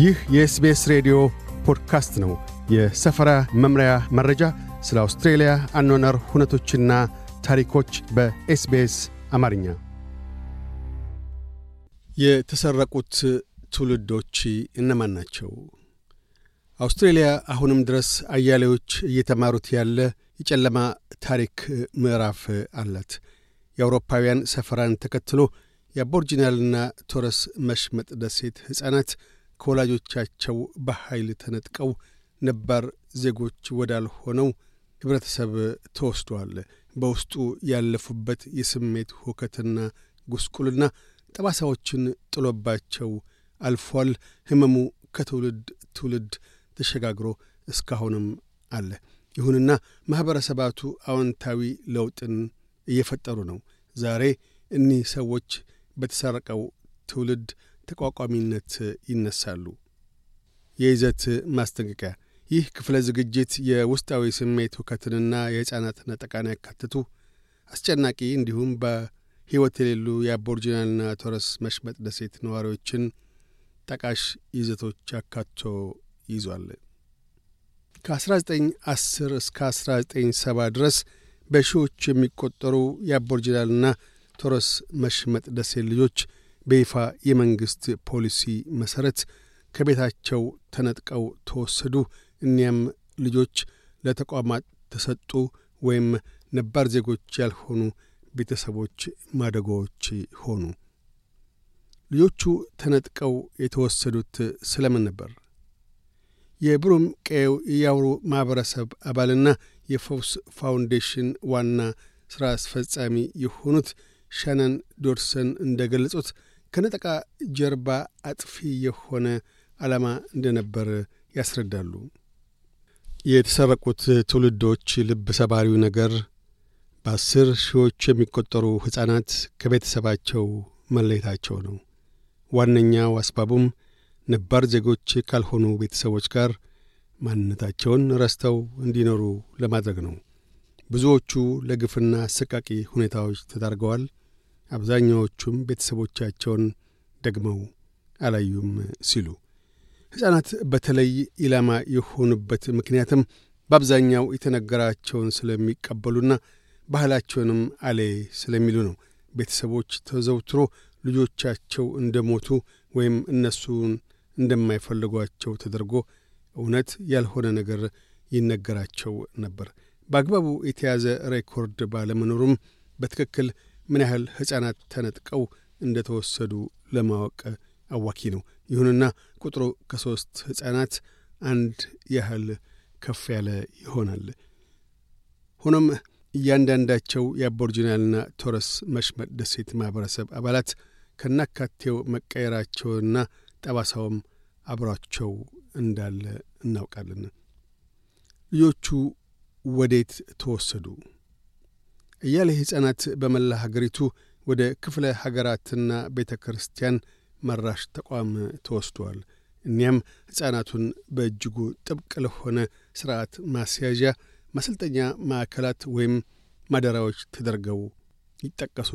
ይህ የኤስቤስ ሬዲዮ ፖድካስት ነው። የሰፈራ መምሪያ መረጃ፣ ስለ አውስትሬልያ አኗነር ሁነቶችና ታሪኮች በኤስቤስ አማርኛ። የተሰረቁት ትውልዶች እነማን ናቸው? አውስትሬልያ አሁንም ድረስ አያሌዎች እየተማሩት ያለ የጨለማ ታሪክ ምዕራፍ አላት። የአውሮፓውያን ሰፈራን ተከትሎ የአቦርጂናልና ቶረስ መሽመጥ ደሴት ሕፃናት ከወላጆቻቸው በኃይል ተነጥቀው ነባር ዜጎች ወዳልሆነው ኅብረተሰብ ተወስዷል። በውስጡ ያለፉበት የስሜት ሁከትና ጉስቁልና ጠባሳዎችን ጥሎባቸው አልፏል። ሕመሙ ከትውልድ ትውልድ ተሸጋግሮ እስካሁንም አለ። ይሁንና ማኅበረሰባቱ አዎንታዊ ለውጥን እየፈጠሩ ነው። ዛሬ እኒህ ሰዎች በተሰረቀው ትውልድ ተቋቋሚነት ይነሳሉ። የይዘት ማስጠንቀቂያ ይህ ክፍለ ዝግጅት የውስጣዊ ስሜት ሁከትንና የሕፃናት ነጠቃን ያካትቱ አስጨናቂ እንዲሁም በሕይወት የሌሉ የአቦርጂናልና ቶረስ መሽመጥ ደሴት ነዋሪዎችን ጠቃሽ ይዘቶች አካቶ ይዟል። ከ1910 እስከ 1970 ድረስ በሺዎች የሚቆጠሩ የአቦርጂናልና ቶረስ መሽመጥ ደሴት ልጆች በይፋ የመንግሥት ፖሊሲ መሠረት ከቤታቸው ተነጥቀው ተወሰዱ። እኒያም ልጆች ለተቋማት ተሰጡ ወይም ነባር ዜጎች ያልሆኑ ቤተሰቦች ማደጎዎች ሆኑ። ልጆቹ ተነጥቀው የተወሰዱት ስለምን ነበር? የብሩም ቀየው የያውሩ ማኅበረሰብ አባልና የፎውስ ፋውንዴሽን ዋና ሥራ አስፈጻሚ የሆኑት ሻነን ዶርሰን እንደ ገለጹት ከነጠቃ ጀርባ አጥፊ የሆነ ዓላማ እንደነበር ያስረዳሉ። የተሰረቁት ትውልዶች ልብ ሰባሪው ነገር በአስር ሺዎች የሚቆጠሩ ሕፃናት ከቤተሰባቸው መለየታቸው ነው። ዋነኛው አስባቡም ነባር ዜጎች ካልሆኑ ቤተሰቦች ጋር ማንነታቸውን ረስተው እንዲኖሩ ለማድረግ ነው። ብዙዎቹ ለግፍና አሰቃቂ ሁኔታዎች ተዳርገዋል። አብዛኛዎቹም ቤተሰቦቻቸውን ደግመው አላዩም ሲሉ ሕፃናት በተለይ ኢላማ የሆኑበት ምክንያትም በአብዛኛው የተነገራቸውን ስለሚቀበሉና ባህላቸውንም አሌ ስለሚሉ ነው። ቤተሰቦች ተዘውትሮ ልጆቻቸው እንደሞቱ ወይም እነሱን እንደማይፈልጓቸው ተደርጎ እውነት ያልሆነ ነገር ይነገራቸው ነበር። በአግባቡ የተያዘ ሬኮርድ ባለመኖሩም በትክክል ምን ያህል ሕፃናት ተነጥቀው እንደተወሰዱ ለማወቅ አዋኪ ነው። ይሁንና ቁጥሩ ከሦስት ሕፃናት አንድ ያህል ከፍ ያለ ይሆናል። ሆኖም እያንዳንዳቸው የአቦርጂናልና ቶረስ መሽመጥ ደሴት ማኅበረሰብ አባላት ከናካቴው መቀየራቸውና ጠባሳውም አብሯቸው እንዳለ እናውቃለን። ልጆቹ ወዴት ተወሰዱ? እያሌ ሕፃናት በመላ ሀገሪቱ ወደ ክፍለ ሀገራትና ቤተ ክርስቲያን መራሽ ተቋም ተወስደዋል። እኒያም ሕፃናቱን በእጅጉ ጥብቅ ለሆነ ሥርዓት ማስያዣ ማሰልጠኛ ማዕከላት ወይም ማደራዎች ተደርገው ይጠቀሱ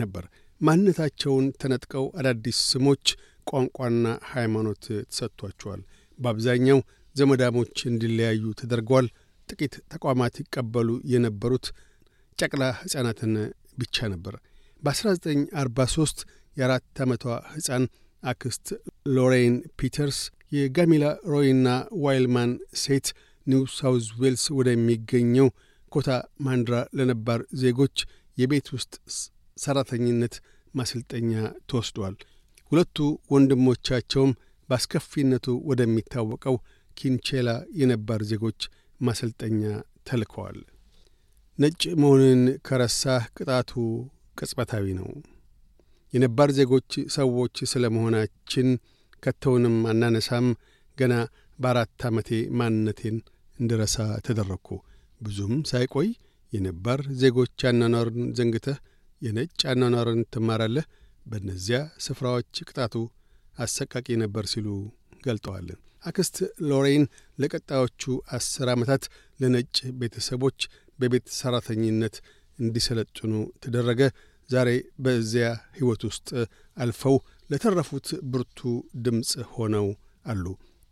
ነበር። ማንነታቸውን ተነጥቀው አዳዲስ ስሞች፣ ቋንቋና ሃይማኖት ተሰጥቷቸዋል። በአብዛኛው ዘመዳሞች እንዲለያዩ ተደርገዋል። ጥቂት ተቋማት ይቀበሉ የነበሩት ጨቅላ ሕፃናትን ብቻ ነበር። በ1943 የአራት ዓመቷ ሕፃን አክስት ሎሬን ፒተርስ የጋሚላ ሮይና ዋይልማን ሴት ኒው ሳውዝ ዌልስ ወደሚገኘው ኮታ ማንድራ ለነባር ዜጎች የቤት ውስጥ ሰራተኝነት ማሰልጠኛ ተወስዷል። ሁለቱ ወንድሞቻቸውም በአስከፊነቱ ወደሚታወቀው ኪንቼላ የነባር ዜጎች ማሰልጠኛ ተልከዋል። ነጭ መሆንን ከረሳህ ቅጣቱ ቅጽበታዊ ነው። የነባር ዜጎች ሰዎች ስለ መሆናችን ከተውንም አናነሳም። ገና በአራት ዓመቴ ማንነቴን እንድረሳ ተደረግኩ። ብዙም ሳይቆይ የነባር ዜጎች አኗኗርን ዘንግተህ የነጭ አኗኗርን ትማራለህ። በእነዚያ ስፍራዎች ቅጣቱ አሰቃቂ ነበር ሲሉ ገልጠዋል። አክስት ሎሬን ለቀጣዮቹ አስር ዓመታት ለነጭ ቤተሰቦች በቤት ሰራተኝነት እንዲሰለጥኑ ተደረገ። ዛሬ በዚያ ሕይወት ውስጥ አልፈው ለተረፉት ብርቱ ድምፅ ሆነው አሉ።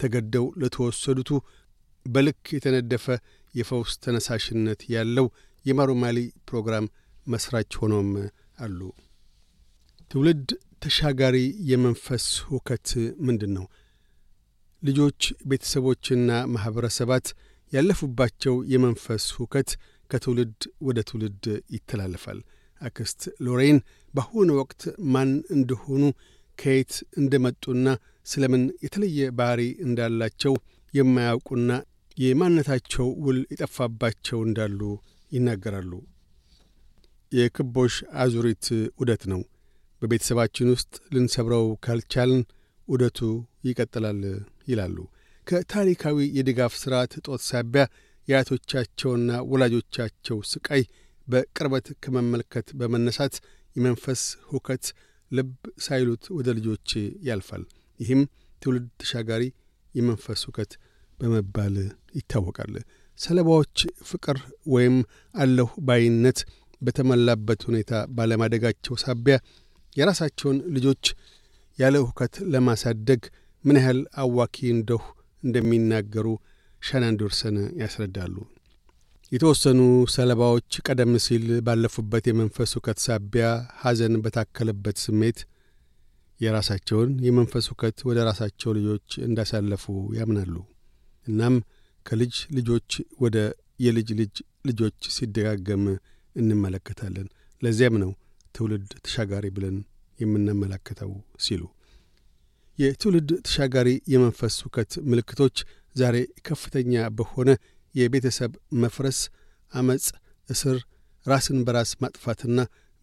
ተገደው ለተወሰዱቱ በልክ የተነደፈ የፈውስ ተነሳሽነት ያለው የማሩማሊ ፕሮግራም መስራች ሆኖም አሉ። ትውልድ ተሻጋሪ የመንፈስ ሁከት ምንድን ነው? ልጆች፣ ቤተሰቦችና ማኅበረሰባት ያለፉባቸው የመንፈስ ሁከት ከትውልድ ወደ ትውልድ ይተላለፋል። አክስት ሎሬን በአሁኑ ወቅት ማን እንደሆኑ ከየት እንደመጡና ስለምን የተለየ ባህሪ እንዳላቸው የማያውቁና የማንነታቸው ውል የጠፋባቸው እንዳሉ ይናገራሉ። የክቦሽ አዙሪት ውደት ነው። በቤተሰባችን ውስጥ ልንሰብረው ካልቻልን ውደቱ ይቀጥላል ይላሉ። ከታሪካዊ የድጋፍ ሥርዓት እጦት ሳቢያ የአያቶቻቸውና ወላጆቻቸው ስቃይ በቅርበት ከመመልከት በመነሳት የመንፈስ ሁከት ልብ ሳይሉት ወደ ልጆች ያልፋል። ይህም ትውልድ ተሻጋሪ የመንፈስ ሁከት በመባል ይታወቃል። ሰለባዎች ፍቅር ወይም አለሁ ባይነት በተሞላበት ሁኔታ ባለማደጋቸው ሳቢያ የራሳቸውን ልጆች ያለ ሁከት ለማሳደግ ምን ያህል አዋኪ እንደሁ እንደሚናገሩ ሻናን ያስረዳሉ። የተወሰኑ ሰለባዎች ቀደም ሲል ባለፉበት የመንፈስ ውከት ሳቢያ ሐዘን በታከለበት ስሜት የራሳቸውን የመንፈስ ውከት ወደ ራሳቸው ልጆች እንዳሳለፉ ያምናሉ። እናም ከልጅ ልጆች ወደ የልጅ ልጅ ልጆች ሲደጋገም እንመለከታለን። ለዚያም ነው ትውልድ ተሻጋሪ ብለን የምናመላክተው ሲሉ የትውልድ ተሻጋሪ የመንፈስ ሁከት ምልክቶች ዛሬ ከፍተኛ በሆነ የቤተሰብ መፍረስ፣ አመፅ፣ እስር፣ ራስን በራስ ማጥፋትና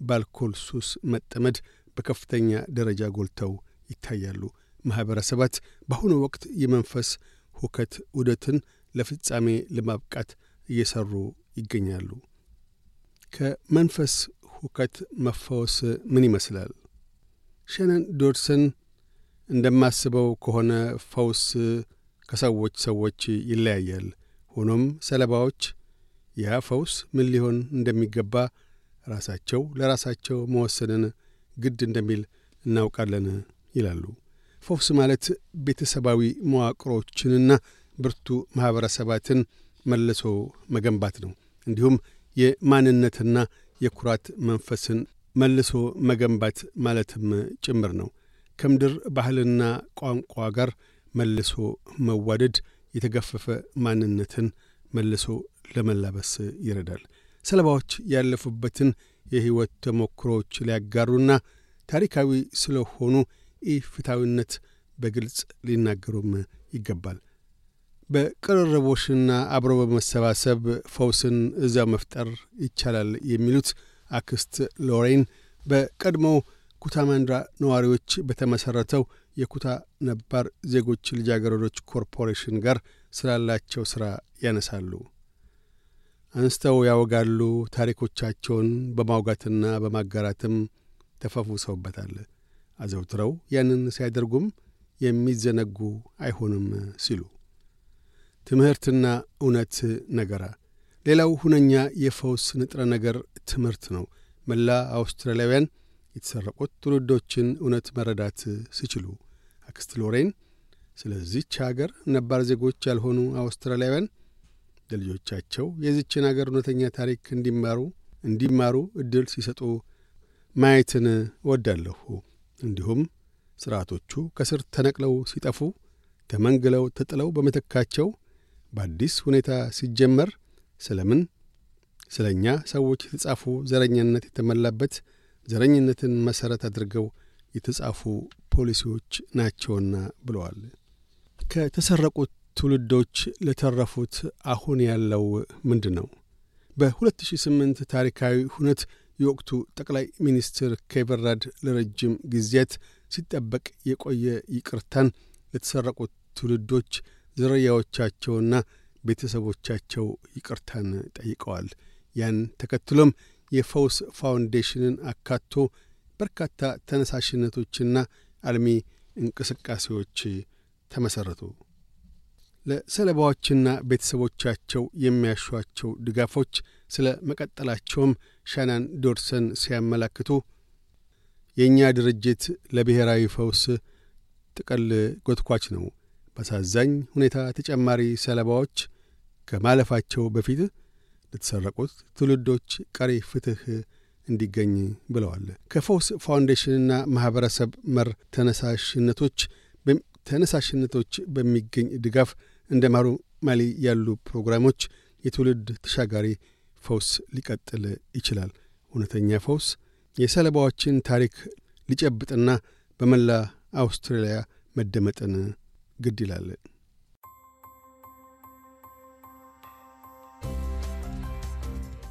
በአልኮል ሱስ መጠመድ በከፍተኛ ደረጃ ጎልተው ይታያሉ። ማኅበረሰባት በአሁኑ ወቅት የመንፈስ ሁከት ውደትን ለፍጻሜ ለማብቃት እየሠሩ ይገኛሉ። ከመንፈስ ሁከት መፈወስ ምን ይመስላል? ሸነን ዶድሰን እንደማስበው ከሆነ ፈውስ ከሰዎች ሰዎች ይለያያል። ሆኖም ሰለባዎች ያ ፈውስ ምን ሊሆን እንደሚገባ ራሳቸው ለራሳቸው መወሰንን ግድ እንደሚል እናውቃለን ይላሉ። ፈውስ ማለት ቤተሰባዊ መዋቅሮችንና ብርቱ ማኅበረሰባትን መልሶ መገንባት ነው። እንዲሁም የማንነትና የኩራት መንፈስን መልሶ መገንባት ማለትም ጭምር ነው። ከምድር ባህልና ቋንቋ ጋር መልሶ መዋደድ የተገፈፈ ማንነትን መልሶ ለመላበስ ይረዳል። ሰለባዎች ያለፉበትን የሕይወት ተሞክሮዎች ሊያጋሩና ታሪካዊ ስለሆኑ ኢፍትሐዊነት በግልጽ ሊናገሩም ይገባል። በቅርርቦሽና አብሮ በመሰባሰብ ፈውስን እዛ መፍጠር ይቻላል የሚሉት አክስት ሎሬን በቀድሞው በኩታ መንድራ ነዋሪዎች በተመሠረተው የኩታ ነባር ዜጎች ልጃገረዶች ኮርፖሬሽን ጋር ስላላቸው ሥራ ያነሳሉ። አንስተው ያወጋሉ። ታሪኮቻቸውን በማውጋትና በማጋራትም ተፈፉሰውበታል። አዘውትረው ያንን ሲያደርጉም የሚዘነጉ አይሆንም ሲሉ ትምህርትና እውነት ነገራ ሌላው ሁነኛ የፈውስ ንጥረ ነገር ትምህርት ነው። መላ አውስትራሊያውያን የተሰረቁት ትውልዶችን እውነት መረዳት ሲችሉ አክስት ሎሬን ስለዚች አገር ነባር ዜጎች ያልሆኑ አውስትራሊያውያን ለልጆቻቸው የዚችን አገር እውነተኛ ታሪክ እንዲማሩ እንዲማሩ እድል ሲሰጡ ማየትን ወዳለሁ እንዲሁም ስርዓቶቹ ከስር ተነቅለው ሲጠፉ ተመንግለው ተጥለው በመተካቸው በአዲስ ሁኔታ ሲጀመር ስለምን ስለ እኛ ሰዎች የተጻፉ ዘረኛነት የተመላበት ዘረኝነትን መሠረት አድርገው የተጻፉ ፖሊሲዎች ናቸውና ብለዋል። ከተሰረቁት ትውልዶች ለተረፉት አሁን ያለው ምንድን ነው? በ2008 ታሪካዊ ሁነት የወቅቱ ጠቅላይ ሚኒስትር ኬቨን ለረጅም ጊዜያት ሲጠበቅ የቆየ ይቅርታን ለተሰረቁት ትውልዶች ዝርያዎቻቸውና ቤተሰቦቻቸው ይቅርታን ጠይቀዋል። ያን ተከትሎም የፈውስ ፋውንዴሽንን አካቶ በርካታ ተነሳሽነቶችና አልሚ እንቅስቃሴዎች ተመሠረቱ። ለሰለባዎችና ቤተሰቦቻቸው የሚያሿቸው ድጋፎች ስለ መቀጠላቸውም ሻናን ዶርሰን ሲያመላክቱ የእኛ ድርጅት ለብሔራዊ ፈውስ ጥቅል ጎትኳች ነው። በአሳዛኝ ሁኔታ ተጨማሪ ሰለባዎች ከማለፋቸው በፊት የተሰረቁት ትውልዶች ቀሪ ፍትህ እንዲገኝ ብለዋል። ከፎስ ፋውንዴሽንና ማኅበረሰብ መር ተነሳሽነቶች ተነሳሽነቶች በሚገኝ ድጋፍ እንደ ማሩ ማሊ ያሉ ፕሮግራሞች የትውልድ ተሻጋሪ ፈውስ ሊቀጥል ይችላል። እውነተኛ ፈውስ የሰለባዎችን ታሪክ ሊጨብጥና በመላ አውስትራሊያ መደመጥን ግድ ይላል።